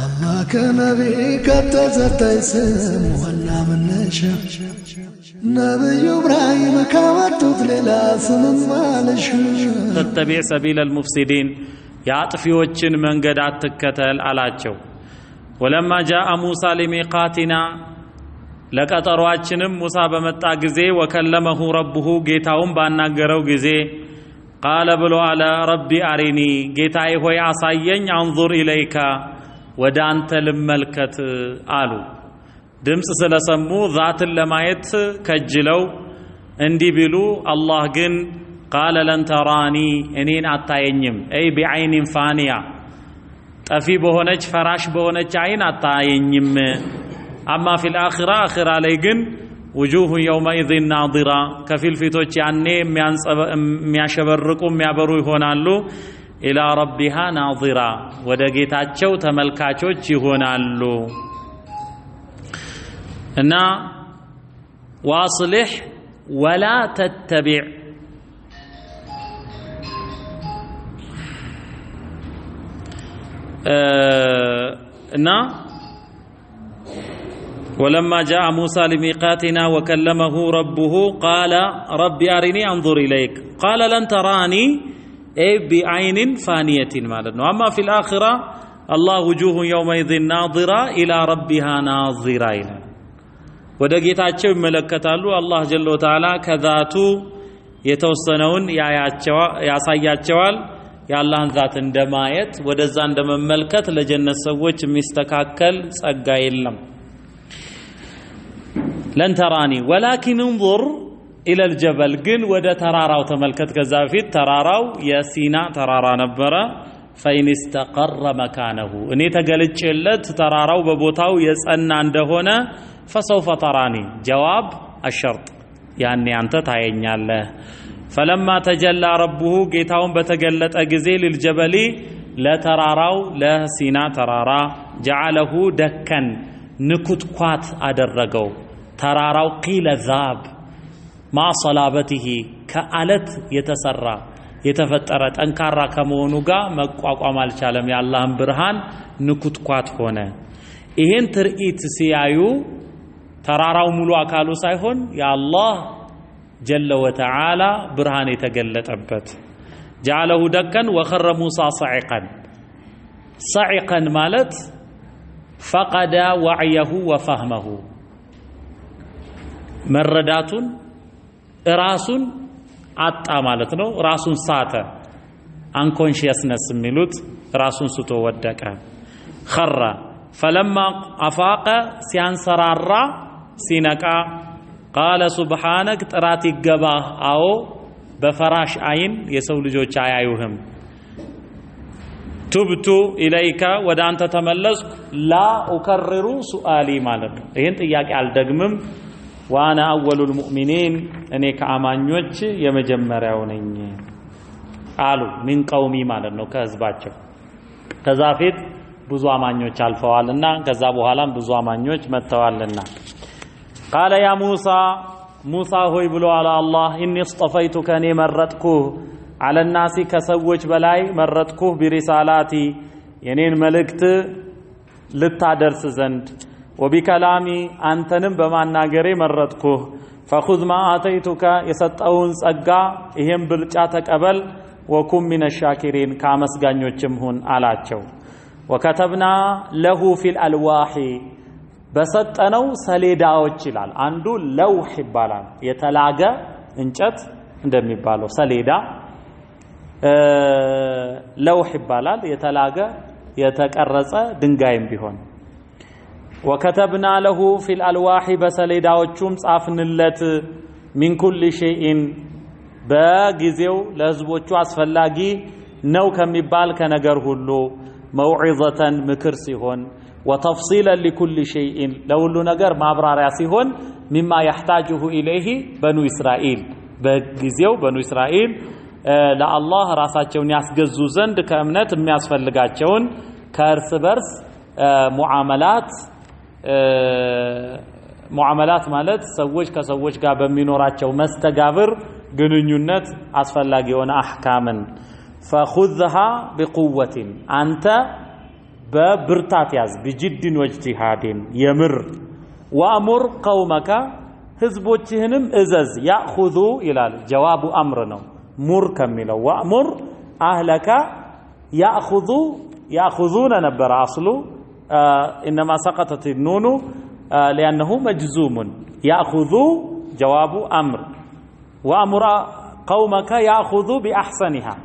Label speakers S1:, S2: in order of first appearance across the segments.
S1: አላህ ከነቢ ከተዘጠኝ ስም ዋና መነሻ ካመጡት ሌላ ስምም አልሽ ተተቢዕ ሙፍሲዲን የአጥፊዎችን መንገድ አትከተል አላቸው። ወለማ ጃአ ሙሳ ሊሚቃቲና ለቀጠሯችንም ሙሳ በመጣ ጊዜ ወከለመሁ ረብሁ ጌታውን ባናገረው ጊዜ ቃለ ብሎ አለ ረቢ አሪኒ ጌታዬ ሆይ አሳየኝ አንዙር ኢለይካ ወደ አንተ ልመልከት አሉ። ድምፅ ስለሰሙ ዛትን ለማየት ከጅለው እንዲህ ቢሉ አላህ ግን ቃለ ለን ተራኒ እኔን አታየኝም። አይ ቢዐይኒን ፋንያ ጠፊ በሆነች ፈራሽ በሆነች አይን አታየኝም። አማ ፊል አኺራ አኺራ ላይ ግን ውጁሁ የውመኢዝን ናዲራ ከፊል ፊቶች ያኔ የሚያንጸባ የሚያሸበርቁ የሚያበሩ ይሆናሉ። إلى ربها ناظرا ودقيت أتشو تملك أتشو تشيهون ألو إنا واصلح ولا تتبع إنا ولما جاء موسى لميقاتنا وكلمه ربه قال رب أرني أنظر إليك قال لن تراني ቢአይኒን ፋንየቲን ማለት ነው። አማ ፊል አኺራ አላህ ውጁሁን የውመይዚን ናዚራ ኢላ ረቢሃ ናዚራ ይላል። ወደ ጌታቸው ይመለከታሉ። አላህ ጀለ ወተዓላ ከዛቱ የተወሰነውን ያሳያቸዋል። የአላህን ዛት እንደማየት ወደዛ እንደመመልከት ለጀነት ሰዎች የሚስተካከል ጸጋ የለም። ለንተራኒ ወላኪን እንዙር ኢለል ጀበል ግን ወደ ተራራው ተመልከት። ከዛ በፊት ተራራው የሲና ተራራ ነበረ። ፈኢን ስተቀረ መካነሁ እኔ ተገልጬለት ተራራው በቦታው የጸና እንደሆነ ፈሰውፈ ተራኒ ጀዋብ አሸርጥ ያኔ አንተ ታየኛለህ። ፈለማ ተጀላ ረቡሁ ጌታውን በተገለጠ ጊዜ ልልጀበሊ ለተራራው ለሲና ተራራ ጀዓለሁ ደከን ንኩትኳት አደረገው። ተራራው ቂለ ዛብ ማሰላበትህ ከአለት የተሰራ የተፈጠረ ጠንካራ ከመሆኑ ጋር መቋቋም አልቻለም። የአላህን ብርሃን ንኩትኳት ሆነ። ይህን ትርኢት ሲያዩ ተራራው ሙሉ አካሉ ሳይሆን የአላህ ጀለ ወተዓላ ብርሃን የተገለጠበት ጃለሁ ደከን ወኸረ ሙሳ ሰዒቀን። ሰዒቀን ማለት ፈቀደ ወዕየሁ ወፋህመሁ መረዳቱን ራሱን አጣ ማለት ነው። ራሱን ሳተ። አንኮንሽየስነስ የሚሉት ራሱን ስቶ ወደቀ። ኸራ ፈለማ አፋቀ ሲያንሰራራ ሲነቃ ቃለ ሱብሓነክ ጥራት ይገባ አዎ በፈራሽ አይን የሰው ልጆች አያዩህም። ቱብቱ ኢለይከ ወደ አንተ ተመለስኩ ላ ኡከርሩ ሱአሊ ማለት ነው። ይህን ጥያቄ አልደግምም ዋና አወሉል ሙእሚኒን እኔ ከአማኞች የመጀመሪያው ነኝ አሉ። ሚን ቀውሚ ማለት ነው ከህዝባቸው። ከዛ ፊት ብዙ አማኞች አልፈዋልና ከዛ በኋላም ብዙ አማኞች መጥተዋልና ቃለ ያ ሙሳ ሙሳ ሆይ ብሎ አለ አላህ ኢኒ ስጠፈይቱከ እኔ መረጥኩህ አለናሲ ከሰዎች በላይ መረጥኩህ ቢሪሳላቲ የኔን መልእክት ልታደርስ ዘንድ ወቢከላሚ አንተንም በማናገሬ መረጥኩህ። ፈኹዝ ማ አተይቱከ የሰጠውን ጸጋ ይሄም ብልጫ ተቀበል። ወኩም ሚነ ሻኪሪን ከአመስጋኞችም ሁን አላቸው። ወከተብና ለሁ ፊል አልዋሒ በሰጠነው ሰሌዳዎች ይላል። አንዱ ለውህ ይባላል የተላገ እንጨት እንደሚባለው ሰሌዳ ለውህ ይባላል። የተላገ የተቀረጸ ድንጋይም ቢሆን وكتبنا له في الألواح بسليدا وشمس أفن اللت من كل شيء باغيزو لهزب وشو أسفلاقي نو كمي بالك نقره موعظة مكرسي هون وتفصيلا لكل شيء لو اللو نقر ما برا راسي هون مما يحتاجه إليه بنو إسرائيل باغيزو بنو إسرائيل لا الله راسات شون يسجز زند كأمنات مياس فلقات شون كارس معاملات ሙዓመላት ማለት ሰዎች ከሰዎች ጋር በሚኖራቸው መስተጋብር ግንኙነት አስፈላጊ የሆነ አሕካምን ፈኹዝሃ ቢቁወቲን አንተ በብርታት ያዝ ብጅድን ወጅቲሃድን የምር ወአሙር ቀውመካ ህዝቦችህንም እዘዝ ያእኹዙ ይላል ጀዋቡ አምር ነው ሙር ከሚለው ወአሙር አህለካ ያእኹዙ ያእኹዙነ ነበረ አስሉ إنما سقطت النون لأنه مجزوم يأخذ جواب أمر وأمر قومك يأخذ بأحسنها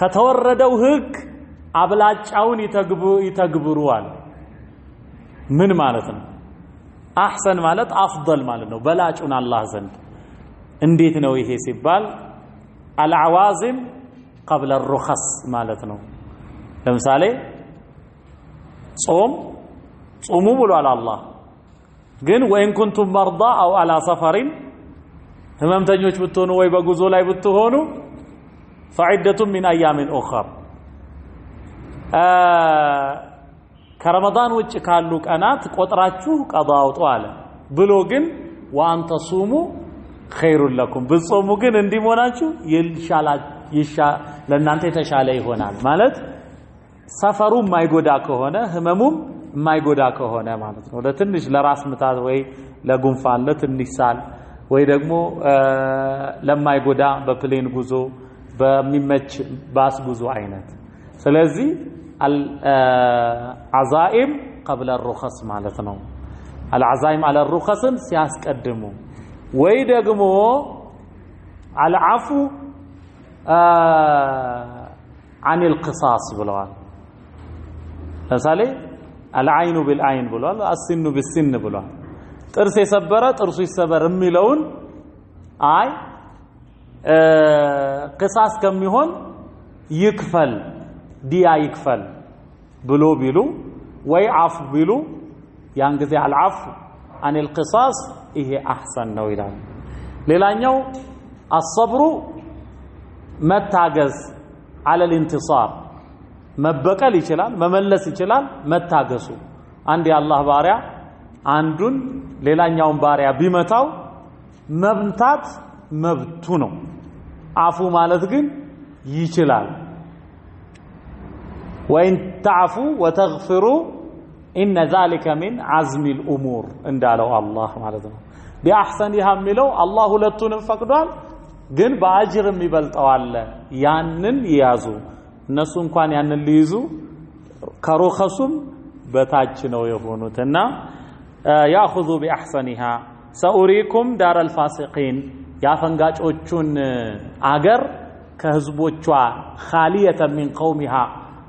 S1: ከተወረደው ህግ አብላጫውን ይተግብሩዋል። ምን ማለት ነው? አሕሰን ማለት አፍደል ማለት ነው፣ በላጩን አላህ ዘንድ። እንዴት ነው ይሄ ሲባል አልዓዋዚም ቀብለ ሩኸስ ማለት ነው። ለምሳሌ ጾም ጾሙ ብሏል አላህ። ግን ወኢን ኩንቱም መርዳ አው አላ ሰፈሪን ህመምተኞች ብትሆኑ ወይ በጉዞ ላይ ብትሆኑ ፈዒደቱን ሚን አያሚን ኡኸር ከረመዳን ውጭ ካሉ ቀናት ቆጥራችሁ ቀዳ አውጡ አለ ብሎ ግን ወአንተ ወአንተሱሙ ኸይሩን ለኩም ብትጾሙ ግን እንዲህ መሆናችሁ ለእናንተ የተሻለ ይሆናል ማለት ሰፈሩ የማይጎዳ ከሆነ ህመሙም የማይጎዳ ከሆነ ማለት ነው። ለትንሽ ለራስ ምታት ወይ ለጉንፋን ለትንሽ ሳል ወይ ደግሞ ለማይጎዳ በፕሌን ጉዞ በሚመች ባስ ጉዞ አይነት። ስለዚህ አልአዛኢም ቀብለ ሩኸስ ማለት ነው። አልዓዛኢም አለ ሩኸስን ሲያስቀድሙ ወይ ደግሞ አልዓፉ አኒል ቅሳስ ብለዋል። ለምሳሌ አልዓይኑ ቢልዓይን ብሏል፣ አስኑ ቢስን ብሏል። ጥርስ የሰበረ ጥርሱ ይሰበር የሚለውን አይ ቅሳስ ከሚሆን ይክፈል ዲያ ይክፈል ብሎ ቢሉ ወይ አፍ ቢሉ ያን ጊዜ አልዓፍ አኒል ቅሳስ ይሄ አሕሰን ነው ይላል። ሌላኛው አሰብሩ መታገዝ አለል ኢንቲሳር መበቀል ይችላል፣ መመለስ ይችላል። መታገሱ አንድ የአላህ ባሪያ አንዱን ሌላኛውን ባሪያ ቢመታው መምታት መብቱ ነው። አፉ ማለት ግን ይችላል። ወኢን ተዕፉ ወተግፊሩ ኢነ ዛሊከ ሚን ዓዝሚል ኡሙር እንዳለው አላህ ማለት ነው። ቢአሕሰኒሃ የሚለው አላህ ሁለቱንም ፈቅዷል፣ ግን በአጅር የሚበልጠው አለ ያንን ይያዙ። እነሱ እንኳን ያንን ሊይዙ ከሩኸሱም በታች ነው የሆኑት እና ያእኹዙ ቢአሕሰኒሃ ሰኡሪኩም ዳረል ፋሲቂን የአፈንጋጮቹን አገር ከህዝቦቿ ኻሊየተ ሚን ቀውሚሃ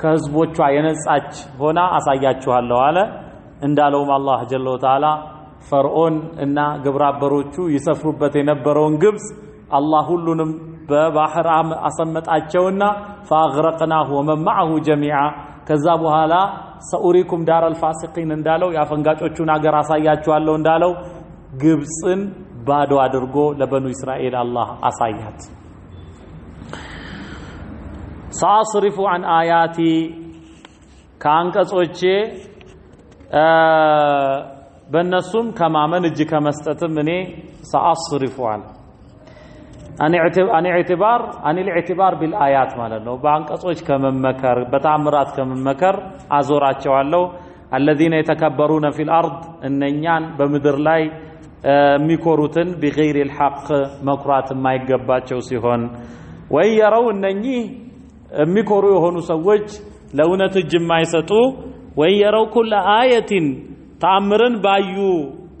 S1: ከህዝቦቿ የነጻች ሆና አሳያችኋለሁ አለ። እንዳለውም አላህ ጀለ ወተዓላ ፈርዖን እና ግብረ አበሮቹ ይሰፍሩበት የነበረውን ግብፅ አላህ ሁሉንም በባህር አሰመጣቸውና ፈአግረቅናሁ ወመን መዐሁ ጀሚዓ ከዛ በኋላ ሰኡሪኩም ዳረል ፋሲቂን እንዳለው የአፈንጋጮቹን አገር አሳያችኋለሁ እንዳለው ግብፅን ባዶ አድርጎ ለበኑ እስራኤል አላህ አሳያት። ሳአስሪፉ አን አያቲ ከአንቀጾቼ በእነሱም ከማመን እጅ ከመስጠትም እኔ ሳአስሪፉ አለ أنا اعتبار أنا الاعتبار بالآيات مالنا وبعنك أصوج كم مكر بتعمرات كم مكر أزورات شوالو الذين يتكبرون في الأرض إن ينان بمدر لاي آه، ميكوروتن بغير الحق مكرات ما يقبات شو سيهون وإن يروا إن ني آه، ميكورو يهون سوج لونة الجمع ستو وإن يروا كل آية تعمرن بايو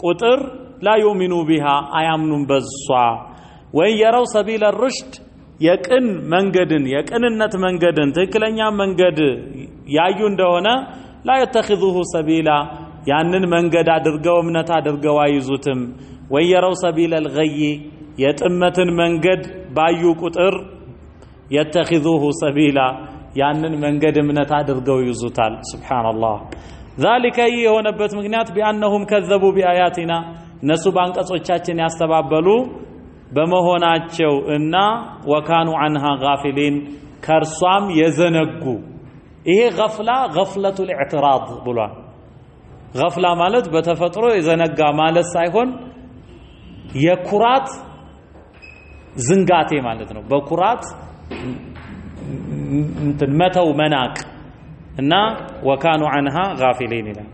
S1: قطر لا يؤمنوا بها أيامن بزوا ወይ የረው ሰቢለ ርሽድ የቅን መንገድን የቅንነት መንገድን ትክክለኛ መንገድ ያዩ እንደሆነ ላ የተኽዙሁ ሰቢላ ያንን መንገድ አድርገው እምነት አድርገው አይዙትም። ወይ የረው ሰቢለ ልገይ የጥመትን መንገድ ባዩ ቁጥር የተኽዙሁ ሰቢላ ያንን መንገድ እምነት አድርገው ይዙታል። ሱብሓነላህ። ዛሊከ ይህ የሆነበት ምክንያት ቢአነሁም ከዘቡ ቢአያቲና እነሱ በአንቀጾቻችን ያስተባበሉ በመሆናቸው እና ወካኑ አንሃ ጋፊሊን ከእርሷም የዘነጉ ይሄ ገፍላ ገፍለቱል ኢዕትራድ ብሏል። ገፍላ ማለት በተፈጥሮ የዘነጋ ማለት ሳይሆን የኩራት ዝንጋቴ ማለት ነው። በኩራት እንትን መተው መናቅ እና ወካኑ አንሃ ጋፊሊን ይላል።